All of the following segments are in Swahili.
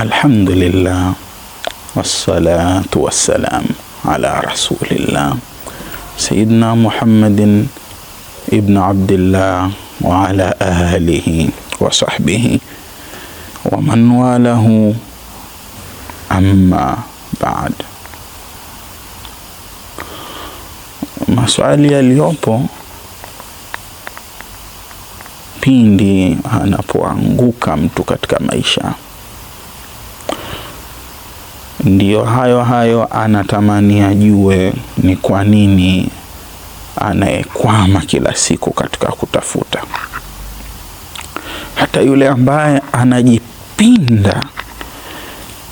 Alhamdulillah wassalatu wassalam ala rasulillah Sayyidina Muhammadin ibn Abdillah wa ala ahlihi wa sahbihi wa man walahu amma baad. Maswali yaliyopo pindi anapoanguka mtu katika maisha ndiyo hayo hayo anatamani ajue ni kwa nini anayekwama kila siku katika kutafuta. Hata yule ambaye anajipinda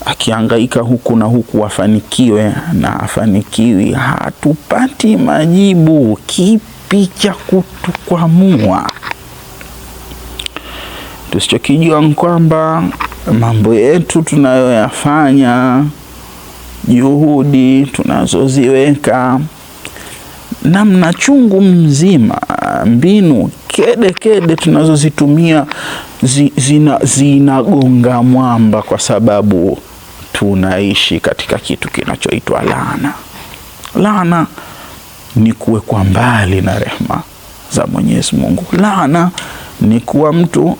akiangaika huku na huku afanikiwe na afanikiwi, hatupati majibu. Kipi cha kutukwamua? Tusichokijua ni kwamba mambo yetu tunayoyafanya juhudi tunazoziweka, namna chungu mzima, mbinu kede kede tunazozitumia zina, zinagonga mwamba, kwa sababu tunaishi katika kitu kinachoitwa laana. Laana ni kuwekwa mbali na rehma za Mwenyezi Mungu. Laana ni kuwa mtu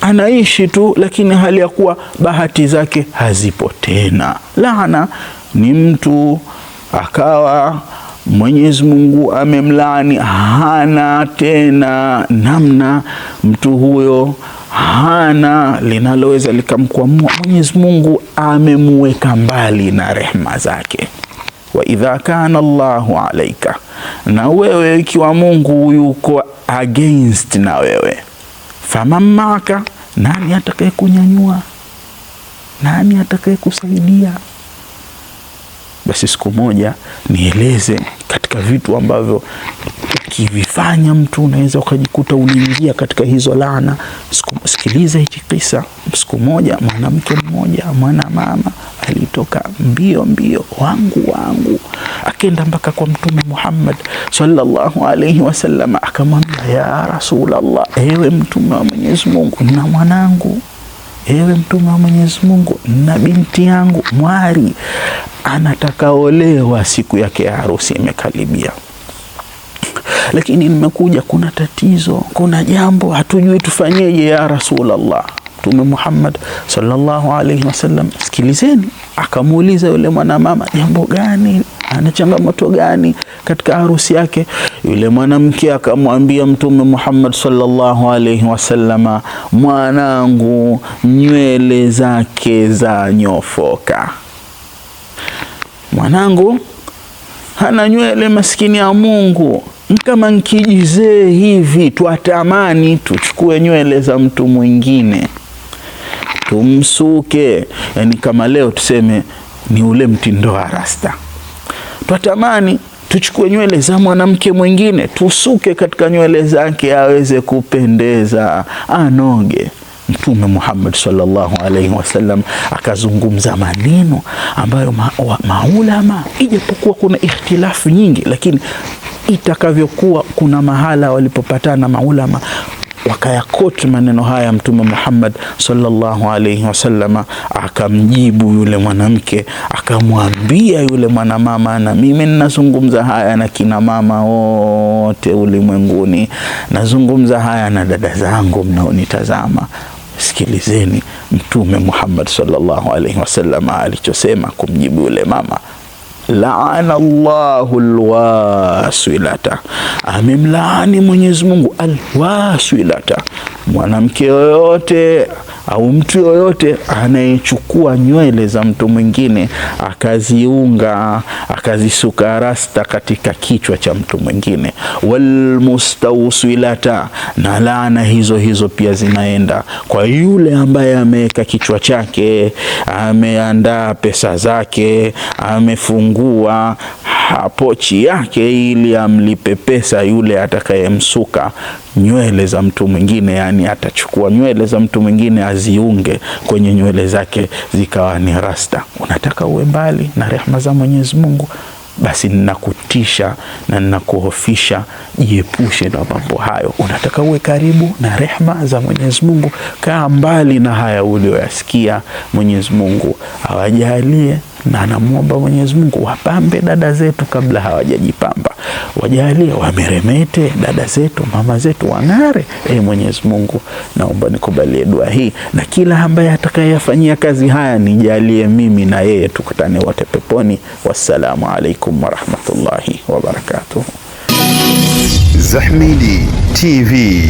anaishi tu, lakini hali ya kuwa bahati zake hazipo tena. Laana ni mtu akawa Mwenyezi Mungu amemlaani, hana tena namna. Mtu huyo hana linaloweza likamkwamua, Mwenyezi Mungu amemuweka mbali na rehma zake. Wa idha kana llahu alaika, na wewe ikiwa Mungu yuko against na wewe faman nani atakaye kunyanyua? Nani atakaye kusaidia? Basi siku moja nieleze katika vitu ambavyo ukivifanya mtu unaweza ukajikuta uliingia katika hizo laana. Sikiliza hichi kisa. Siku moja mwanamke mmoja, mwana mama alitoka mbio mbio, wangu wangu, akenda mpaka kwa Mtume Muhammad sallallahu alaihi wasallam, akamwambia ya Rasulullah, ewe Mtume wa Mwenyezi Mungu, na mwanangu Ewe Mtume wa Mwenyezi Mungu, na binti yangu mwari anataka olewa, siku yake ya harusi imekaribia lakini nimekuja, kuna tatizo, kuna jambo hatujui tufanyeje, ya Rasulullah. Mtume Muhammad sallallahu alaihi wasallam, sikilizeni, akamuuliza yule mwanamama jambo gani, ana changamoto gani katika harusi yake. Yule mwanamke akamwambia Mtume Muhammad sallallahu alaihi wasallama, mwanangu nywele zake za nyofoka, mwanangu hana nywele, maskini ya Mungu. Kama nkijizee hivi, twatamani tuchukue nywele za mtu mwingine tumsuke, yani kama leo tuseme ni ule mtindo wa rasta, twatamani tuchukue nywele za mwanamke mwingine tusuke katika nywele zake, aweze kupendeza, anoge. Mtume Muhammad sallallahu alaihi wasallam akazungumza maneno ambayo ma, maulama ijapokuwa kuna ikhtilafu nyingi, lakini itakavyokuwa kuna mahala walipopatana maulama wakayakoti maneno haya. Mtume Muhammad sallallahu alaihi wasallam akamjibu yule mwanamke, akamwambia yule mwanamama, na mimi ninazungumza haya na kina mama wote ulimwenguni, nazungumza haya na dada zangu mnaonitazama. Sikilizeni Mtume Muhammad sallallahu alaihi wasallam alichosema kumjibu yule mama, laana allahu lwasilata, amemlaani Mwenyezi Mungu alwaswilata Mwanamke yoyote au mtu yoyote anayechukua nywele za mtu mwingine akaziunga akazisuka rasta katika kichwa cha mtu mwingine, walmustawsilata, na laana hizo hizo pia zinaenda kwa yule ambaye ameweka kichwa chake, ameandaa pesa zake, amefungua pochi yake ili amlipe pesa yule atakayemsuka nywele za mtu mwingine. Yani atachukua nywele za mtu mwingine aziunge kwenye nywele zake zikawa ni rasta. Unataka uwe mbali na rehma za Mwenyezi Mungu? Basi ninakutisha na ninakuhofisha, jiepushe na mambo hayo. Unataka uwe karibu na rehma za Mwenyezi Mungu, kaa mbali na haya ulioyasikia. Mwenyezi Mungu awajalie na anamwomba Mwenyezi Mungu wapambe dada zetu kabla hawajajipamba, wajalie wameremete dada zetu, mama zetu wang'are. E Mwenyezi Mungu, naomba nikubalie dua hii, na kila ambaye atakayeyafanyia kazi haya nijalie mimi na yeye tukutane wote peponi. Wassalamu alaikum warahmatullahi wabarakatuh. Zahmidi TV.